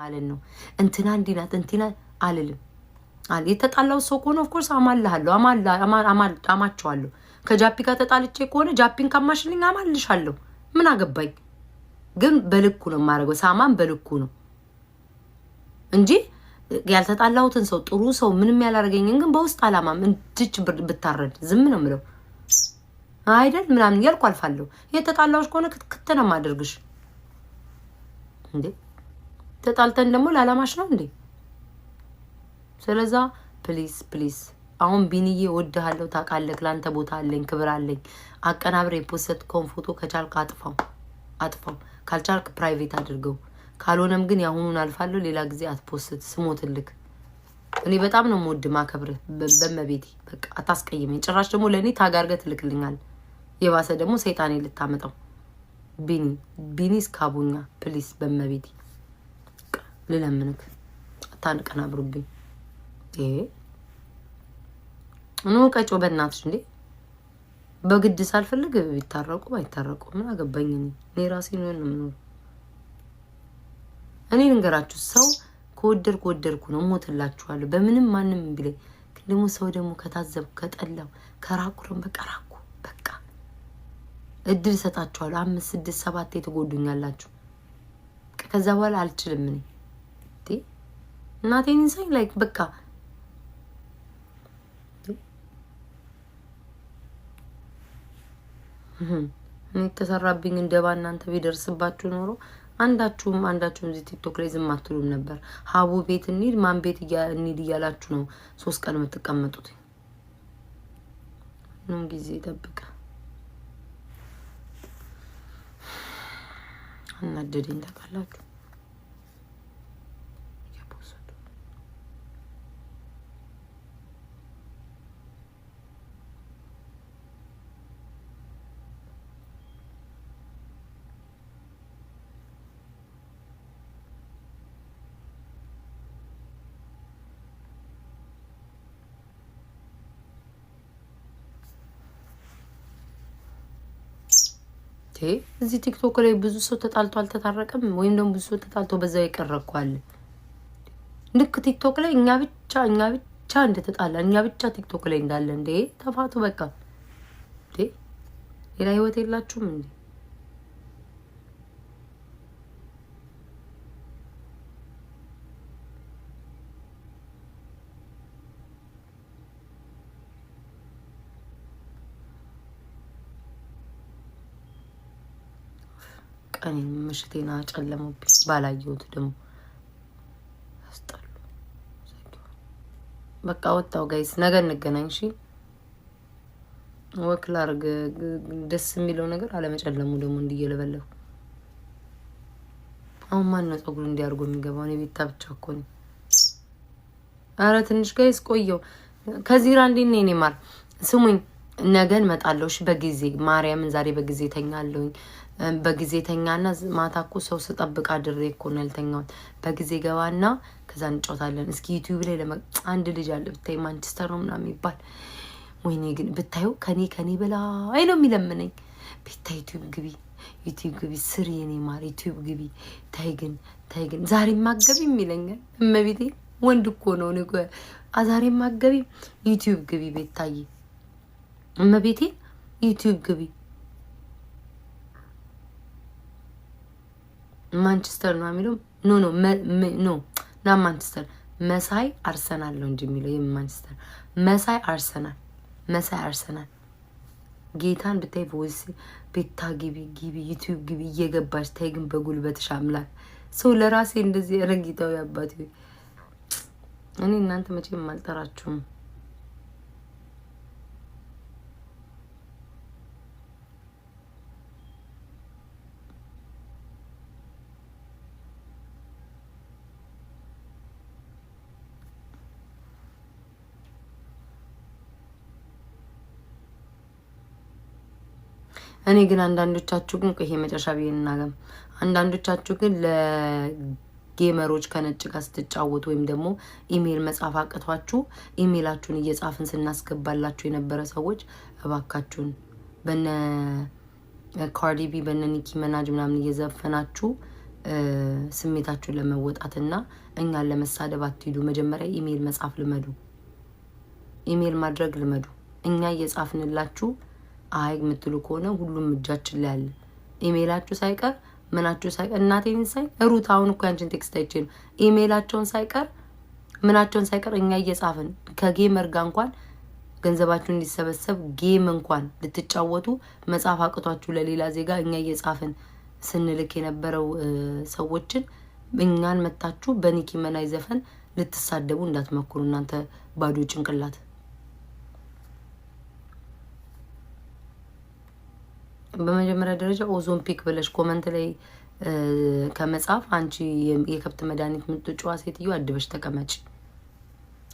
ማለት ነው። እንትና እንዲህ ናት እንትና አልልም። የተጣላው ሰው ከሆነ ኦፍኮርስ አማልሃለሁ፣ አማቸዋለሁ። ከጃፒ ጋር ተጣልቼ ከሆነ ጃፒን ካማሽልኝ አማልሻለሁ። ምን አገባኝ? ግን በልኩ ነው የማደርገው። ሳማን በልኩ ነው እንጂ ያልተጣላሁትን ሰው ጥሩ ሰው ምንም ያላደረገኝን ግን በውስጥ አላማም እንድች ብታረድ ዝም ነው ምለው አይደል ምናምን እያልኩ አልፋለሁ። የተጣላዎች ከሆነ ክትክተነ ማደርግሽ እንዴ ተጣልተን ደግሞ ላላማሽ ነው እንዴ? ስለዛ ፕሊስ ፕሊስ አሁን ቢንዬ ወድሃለሁ፣ ታውቃለህ፣ ለአንተ ቦታ አለኝ፣ ክብር አለኝ። አቀናብር የፖሰትከውን ፎቶ ከቻልክ አጥፋው አጥፋው፣ ካልቻልክ ፕራይቬት አድርገው። ካልሆነም ግን የአሁኑን አልፋለሁ፣ ሌላ ጊዜ አትፖስት። ስሞትልክ እኔ በጣም ነው የምወድ ማከብር፣ በመቤቴ በቃ አታስቀይመኝ። ጭራሽ ደግሞ ለእኔ ታጋርገ ትልክልኛል። የባሰ ደግሞ ሰይጣኔ ልታመጣው ቢኒ ቢኒ እስካቡኛ ፕሊስ በመቤቴ ልለምንክ አታንቀናብሩብኝ። ኑ ቀጮ በእናትሽ እንዴ! በግድ ሳልፈልግ ቢታረቁ አይታረቁ ምን አገባኝ? እኔ ራሴ ነው የምኖር። እኔ ልንገራችሁ፣ ሰው ከወደድኩ ወደድኩ ነው፣ ሞትላችኋለሁ። በምንም ማንም ቢለኝ ደግሞ ሰው ደግሞ ከታዘብ ከጠላው ከራኩ ነው በቃ ራኩ። በቃ እድል እሰጣችኋለሁ። አምስት ስድስት ሰባት የተጎዱኛላችሁ ከዛ በኋላ አልችልም እኔ እናቴን ሳይ ላይክ በቃ የተሰራብኝ እንደባ እናንተ ቢደርስባችሁ ኖሮ አንዳችሁም አንዳችሁም እዚህ ቲክቶክ ላይ ዝም አትሉም ነበር። ሀቡ ቤት እንሂድ፣ ማን ቤት እንሂድ እያላችሁ ነው ሶስት ቀን የምትቀመጡት። ምንም ጊዜ ጠብቀ አናደደኝ ታውቃላችሁ። እዚህ ቲክቶክ ላይ ብዙ ሰው ተጣልቶ አልተታረቀም፣ ወይም ደግሞ ብዙ ሰው ተጣልቶ በዛ ይቀረኳል። ልክ ቲክቶክ ላይ እኛ ብቻ እኛ ብቻ እንደተጣላ እኛ ብቻ ቲክቶክ ላይ እንዳለ እንዴ! ተፋቱ በቃ እንዴ! ሌላ ህይወት የላችሁም እንዴ? ቀን ምሽቴና ጨለሙብኝ። ባላየሁት ደግሞ አስጠሉ። በቃ ወጣው። ጋይስ ነገ እንገናኝ። እሺ ወክል አርግ። ደስ የሚለው ነገር አለመጨለሙ ደግሞ እንዲየለበለሁ። አሁን ማን ነው ጸጉሩ እንዲያርጎ የሚገባው? እኔ ቤታ ብቻ እኮ ነኝ። አረ ትንሽ ጋይስ ቆየው። ከዚህ ራንዴ ነው እኔ ማር ስሙኝ። ነገ እመጣለሁ። እሺ በጊዜ ማርያምን ዛሬ በጊዜ ተኛለሁኝ። በጊዜ ተኛና ማታ እኮ ሰው ስጠብቅ አድሬ እኮ ነው ያልተኛሁት። በጊዜ ገባና ከዛ እንጫወታለን። እስኪ ዩቲዩብ ላይ አንድ ልጅ አለ ብታይ ማንቸስተር ነው ምናምን የሚባል ወይኔ ግን ብታዩ ከኔ ከኔ በላይ ነው የሚለምነኝ። ቤታ ዩቲዩብ ግቢ፣ ዩቲዩብ ግቢ ስር የኔ ማር ዩቲዩብ ግቢ ታይ ግን ታይ ግን ዛሬ ማገቢ የሚለኛል። እመቤቴ ወንድ እኮ ነው ንጎ ዛሬ ማገቢ ዩቲዩብ ግቢ ቤታዬ፣ እመቤቴ ዩቲዩብ ግቢ ማንቸስተር ነው የሚለው ኖ ኖ ኖ ና ማንቸስተር መሳይ አርሰናል ነው እንጂ የሚለው ይህ ማንቸስተር መሳይ አርሰናል መሳይ አርሰናል ጌታን ብታይ ቮይስ ቤታ ግቢ ግቢ ዩቲዩብ ግቢ እየገባች ታይ ግን በጉልበትሽ አምላክ ሰው ለራሴ እንደዚህ ረጊታዊ አባት እኔ እናንተ መቼም አልጠራችሁም። እኔ ግን አንዳንዶቻችሁ ግን ይሄ መጨረሻ ብዬ እናገም አንዳንዶቻችሁ ግን ለጌመሮች ከነጭ ጋር ስትጫወቱ ወይም ደግሞ ኢሜይል መጻፍ አቅቷችሁ ኢሜይላችሁን እየጻፍን ስናስገባላችሁ የነበረ ሰዎች እባካችሁን በነ ካርዲቢ በነ ኒኪ መናጅ ምናምን እየዘፈናችሁ ስሜታችሁን ለመወጣትና እኛን ለመሳደብ አትሂዱ። መጀመሪያ ኢሜይል መጻፍ ልመዱ፣ ኢሜይል ማድረግ ልመዱ። እኛ እየጻፍንላችሁ አይ የምትሉ ከሆነ ሁሉም እጃችን ላይ አለ። ኢሜይላችሁ ሳይቀር ምናችሁ ሳይቀር እናቴን ሳይ ሩት አሁን እኮ ያንችን ቴክስት ነው። ኢሜይላቸውን ሳይቀር ምናቸውን ሳይቀር እኛ እየጻፍን ከጌመር ጋር እንኳን ገንዘባችሁ እንዲሰበሰብ ጌም እንኳን ልትጫወቱ መጻፍ አቅቷችሁ ለሌላ ዜጋ እኛ እየጻፍን ስንልክ የነበረው ሰዎችን እኛን መታችሁ በኒኪ መናይ ዘፈን ልትሳደቡ እንዳትመክሩ እናንተ ባዶ ጭንቅላት በመጀመሪያ ደረጃ ኦዞን ፒክ ብለሽ ኮመንት ላይ ከመጽሐፍ አንቺ የከብት መድኃኒት ምትጫዋ ሴትዮ አድበሽ ተቀመጭ።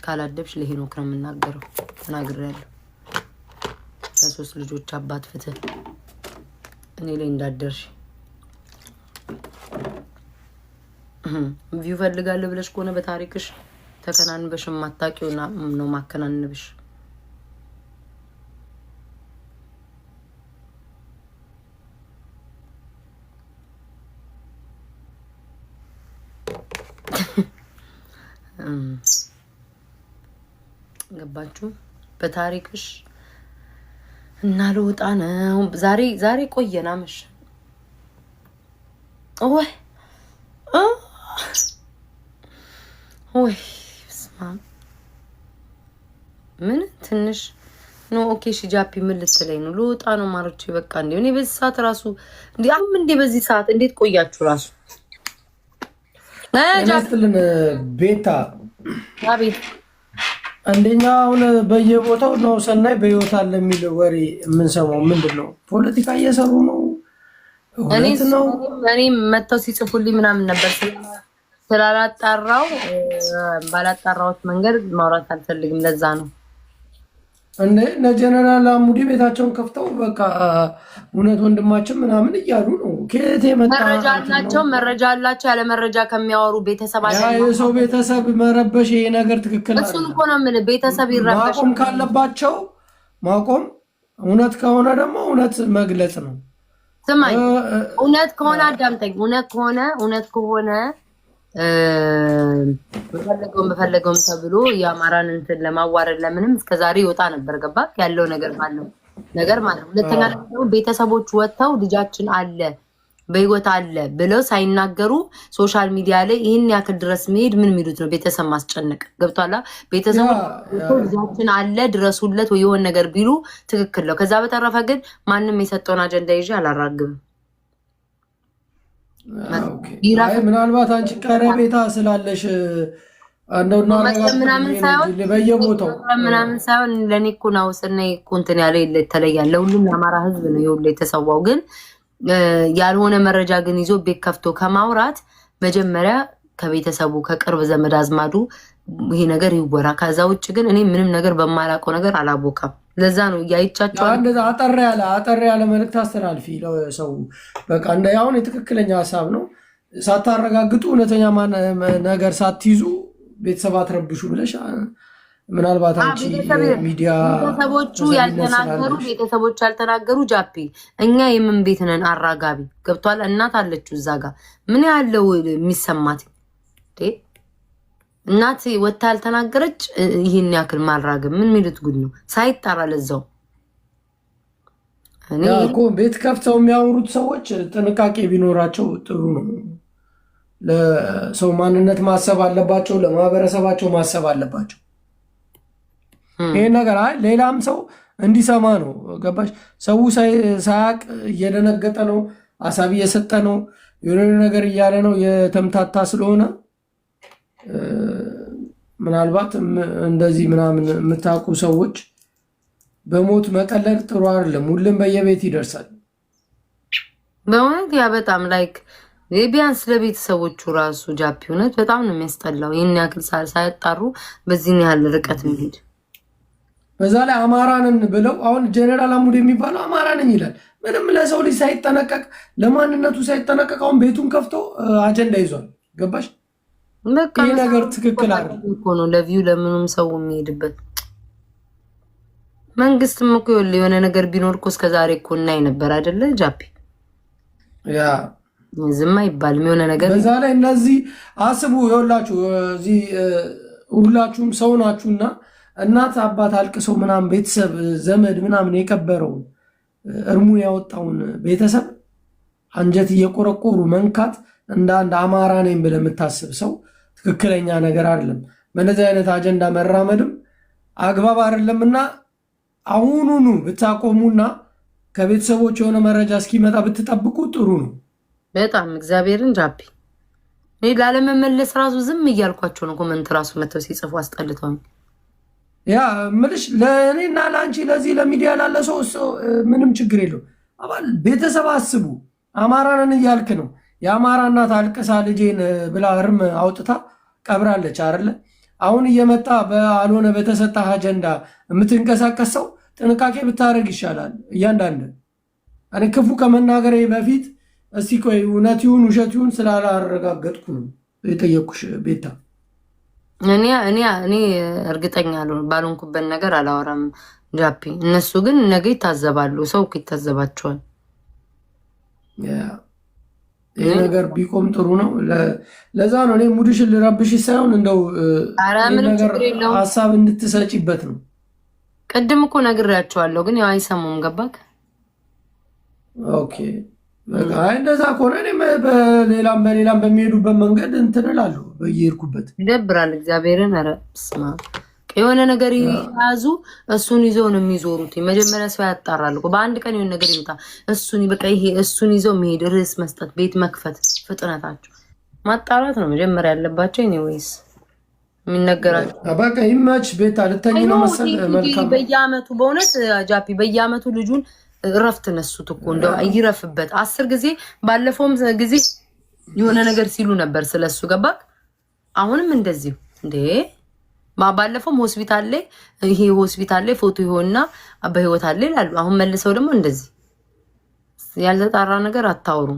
ካላደብሽ ለሄኖክ ነው የምናገረው። ተናግሬያለሁ። ለሶስት ልጆች አባት ፍትህ እኔ ላይ እንዳደርሽ ቪው ፈልጋለሁ ብለሽ ከሆነ በታሪክሽ ተከናንበሽ የማታውቂው ነው ማከናንብሽ። ገባችሁ? በታሪክሽ እና ልውጣ ነው ዛሬ ዛሬ ቆየና ምሽ ወይ ወይ ስማ ምን ትንሽ ኖ ኦኬ ሽጃፒ ምን ልትለኝ ነው? ልወጣ ነው ማሮቼ። በቃ እንዴ! እኔ በዚህ ሰዓት ራሱ እንዴ፣ አሁን እንዴ በዚህ ሰዓት እንዴት ቆያችሁ ራሱ ስትልን ቤታ አንደኛ አሁን በየቦታው ነው ሰናይ በህይወት አለ የሚል ወሬ የምንሰማው ምንድን ነው? ፖለቲካ እየሰሩ ነው ነው እኔ መጥተው ሲጽፉልኝ ምናምን ነበር ስላላጣራው ባላጣራሁት መንገድ ማውራት አልፈልግም። ለዛ ነው እነ ጀነራል አሙዲ ቤታቸውን ከፍተው በቃ እውነት ወንድማችን ምናምን እያሉ ነው ከየት የመጣ መረጃላቸው መረጃ አላቸው። ያለ መረጃ ከሚያወሩ ቤተሰብ የሰው ቤተሰብ መረበሽ ይሄ ነገር ትክክል እሱን እኮ ነው የምልህ። ቤተሰብ ይረበሽ ማቆም ካለባቸው ማቆም፣ እውነት ከሆነ ደግሞ እውነት መግለጽ ነው። ስማኝ፣ እውነት ከሆነ አዳምጠኝ። እውነት ከሆነ እውነት ከሆነ በፈለገውም በፈለገውም ተብሎ የአማራን እንትን ለማዋረድ ለምንም እስከዛሬ ይወጣ ነበር። ገባ ያለው ነገር ባለው ነገር ማለት ነው። ሁለተኛ ቤተሰቦች ወጥተው ልጃችን አለ በህይወት አለ ብለው ሳይናገሩ ሶሻል ሚዲያ ላይ ይህን ያክል ድረስ መሄድ ምን የሚሉት ነው? ቤተሰብ ማስጨነቅ ገብቷላ። ቤተሰቡ ልጃችን አለ ድረሱለት ወይ የሆን ነገር ቢሉ ትክክል ነው። ከዛ በተረፈ ግን ማንም የሰጠውን አጀንዳ ይዤ አላራግብም። ምናልባት አንቺ ቀረቤታ ስላለሽ ምናምን ሳይሆን ለእኔ እኮ ናውስና እኮ እንትን ያለ የተለያለ ሁሉም የአማራ ህዝብ ነው የሁሉ የተሰዋው ግን ያልሆነ መረጃ ግን ይዞ ቤት ከፍቶ ከማውራት መጀመሪያ ከቤተሰቡ ከቅርብ ዘመድ አዝማዱ ይሄ ነገር ይወራ። ከዛ ውጭ ግን እኔ ምንም ነገር በማላውቀው ነገር አላቦካም። ለዛ ነው እያይቻቸዋል። አጠር ያለ አጠር ያለ መልእክት አስተላልፊ ሰው በቃ እንደ አሁን የትክክለኛ ሀሳብ ነው። ሳታረጋግጡ እውነተኛ ነገር ሳትይዙ ቤተሰብ አትረብሹ ብለሽ ምናልባት አንቺ ሚዲያ ቤተሰቦቹ ያልተናገሩ ቤተሰቦቹ ያልተናገሩ ጃፔ እኛ የምን ቤት ነን? አራጋቢ ገብቷል። እናት አለችው እዛ ጋር ምን ያለው የሚሰማት እናት ወታ ያልተናገረች ይህን ያክል ማራገብ ምን ሚሉት ጉድ ነው? ሳይጣራ ለዛው እኮ ቤት ከፍተው የሚያወሩት ሰዎች ጥንቃቄ ቢኖራቸው ጥሩ ነው። ለሰው ማንነት ማሰብ አለባቸው። ለማህበረሰባቸው ማሰብ አለባቸው። ይሄን ነገር አይ ሌላም ሰው እንዲሰማ ነው። ገባሽ? ሰው ሳያቅ እየደነገጠ ነው፣ አሳብ እየሰጠ ነው፣ የሆነ ነገር እያለ ነው፣ የተምታታ ስለሆነ ምናልባት እንደዚህ ምናምን የምታውቁ ሰዎች በሞት መቀለል ጥሩ አይደለም። ሁሉም በየቤት ይደርሳል። በእውነት ያ በጣም ላይክ ቢያንስ ለቤተሰቦቹ ራሱ ጃፒ እውነት በጣም ነው የሚያስጠላው። ይህን ያክል ሳያጣሩ በዚህን ያህል ርቀት መሄድ በዛ ላይ አማራንን ብለው አሁን ጀኔራል አሙድ የሚባለው አማራ ነኝ ይላል። ምንም ለሰው ልጅ ሳይጠነቀቅ ለማንነቱ ሳይጠነቀቅ አሁን ቤቱን ከፍቶ አጀንዳ ይዟል። ገባሽ? ይህ ነገር ትክክል አለ ነው ለቪው ሰው የሚሄድበት መንግስትም እኮ የሆነ ነገር ቢኖር እኮ እስከዛሬ እኮ እናይ ነበር አይደለ? ጃፒ ያ ዝም አይባልም የሆነ ነገር በዛ ላይ እነዚህ አስቡ። ይኸውላችሁ እዚህ ሁላችሁም ሰው ናችሁና እናት አባት አልቅሶ ምናምን ቤተሰብ ዘመድ ምናምን የቀበረውን እርሙን ያወጣውን ቤተሰብ አንጀት እየቆረቆሩ መንካት እንደ አንድ አማራ ነኝ ብለህ የምታስብ ሰው ትክክለኛ ነገር አይደለም። በእነዚህ አይነት አጀንዳ መራመድም አግባብ አይደለም እና አሁኑኑ ብታቆሙና ከቤተሰቦች የሆነ መረጃ እስኪመጣ ብትጠብቁ ጥሩ ነው። በጣም እግዚአብሔርን ጃፒ ላለመመለስ ራሱ ዝም እያልኳቸው ነው። ኮመንት ራሱ መተው ሲጽፉ አስጠልተውኝ ያ ምልሽ ለእኔና ለአንቺ ለዚህ ለሚዲያ ላለ ሰው ምንም ችግር የለው። አባል ቤተሰብ አስቡ። አማራንን እያልክ ነው። የአማራ እናት አልቅሳ ልጄን ብላ እርም አውጥታ ቀብራለች አይደለ? አሁን እየመጣ በአልሆነ በተሰጠ አጀንዳ የምትንቀሳቀስ ሰው ጥንቃቄ ብታደርግ ይሻላል። እያንዳንድ እኔ ክፉ ከመናገሬ በፊት እስቲ ቆይ እውነት ይሁን ውሸት ይሁን ስላላረጋገጥኩ ነው የጠየቅኩሽ ቤታ። እኔ እኔ እኔ እርግጠኛ ባልሆንኩበት ነገር አላወራም ጃፒ። እነሱ ግን ነገ ይታዘባሉ። ሰው ይታዘባቸዋል። ይህ ነገር ቢቆም ጥሩ ነው። ለዛ ነው እኔ ሙድሽን ልረብሽ ሳይሆን እንደው ሀሳብ እንድትሰጪበት ነው። ቅድም እኮ ነግሬያቸዋለሁ፣ ግን ያው አይሰሙም። ገባክ? ኦኬ እንደዛ ከሆነ በሌላም በሌላም በሚሄዱበት መንገድ እንትን እላለሁ። በየሄድኩበት ይደብራል። እግዚአብሔርን ኧረ ስማ የሆነ ነገር የያዙ እሱን ይዘው ነው የሚዞሩት። መጀመሪያ ሰው ያጣራል። በአንድ ቀን የሆነ ነገር ይመጣ እሱን በቃ ይሄ እሱን ይዘው መሄድ፣ ርዕስ መስጠት፣ ቤት መክፈት፣ ፍጥነታቸው ማጣራት ነው መጀመሪያ ያለባቸው። ኔ ወይስ የሚነገራቸው በቃ ይመች ቤት አልተኝ ነው መሰለህ። በየአመቱ በእውነት ጃፒ በየአመቱ ልጁን እረፍት ነሱት እኮ እንደው ይረፍበት። አስር ጊዜ ባለፈውም ጊዜ የሆነ ነገር ሲሉ ነበር ስለሱ ገባክ። አሁንም እንደዚሁ እንዴ ባለፈውም ሆስፒታል ላይ ይሄ ሆስፒታል ላይ ፎቶ ይሆንና በህይወት አለ ይላሉ። አሁን መልሰው ደግሞ እንደዚህ ያልተጣራ ነገር አታውሩ።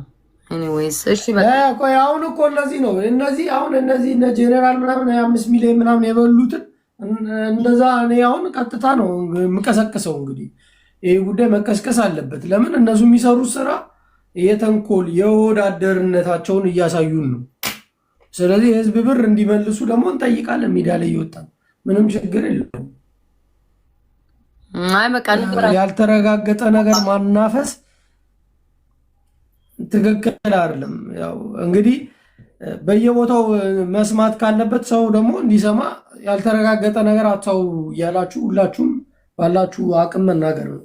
ኤኒዌይስ እሺ ቆይ። አሁን እኮ እነዚህ ነው እነዚህ አሁን እነዚህ እነ ጄኔራል ምናምን አምስት ሚሊዮን ምናምን የበሉትን እንደዛ እኔ አሁን ቀጥታ ነው የምቀሰቅሰው እንግዲህ ይህ ጉዳይ መቀስቀስ አለበት። ለምን እነሱ የሚሰሩት ስራ የተንኮል የወዳደርነታቸውን እያሳዩን ነው። ስለዚህ የህዝብ ብር እንዲመልሱ ደግሞ እንጠይቃለን። ሚዲያ ላይ እየወጣ ምንም ችግር የለውም። ያልተረጋገጠ ነገር ማናፈስ ትክክል አይደለም። ያው እንግዲህ በየቦታው መስማት ካለበት ሰው ደግሞ እንዲሰማ ያልተረጋገጠ ነገር አታው እያላችሁ ሁላችሁም ባላችሁ አቅም መናገር ነው።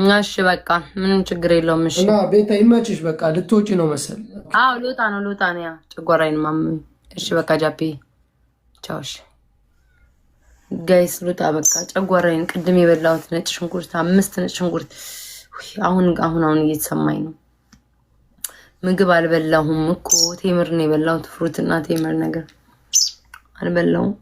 እሺ በቃ ምንም ችግር የለውም። እሺ እና ቤታ ይመችሽ። በቃ ልትወጪ ነው መሰል? አዎ ልውጣ ነው ልውጣ ነው። ያ ጨጓራዬን ማመኝ። እሺ በቃ ጃፒ ቻውሽ ጋይስ ልውጣ በቃ ጨጓራዬን። ቅድም የበላሁት ነጭ ሽንኩርት አምስት ነጭ ሽንኩርት አሁን አሁን አሁን እየተሰማኝ ነው። ምግብ አልበላሁም እኮ ቴምር ነው የበላሁት። ፍሩት እና ቴምር ነገር አልበላሁም።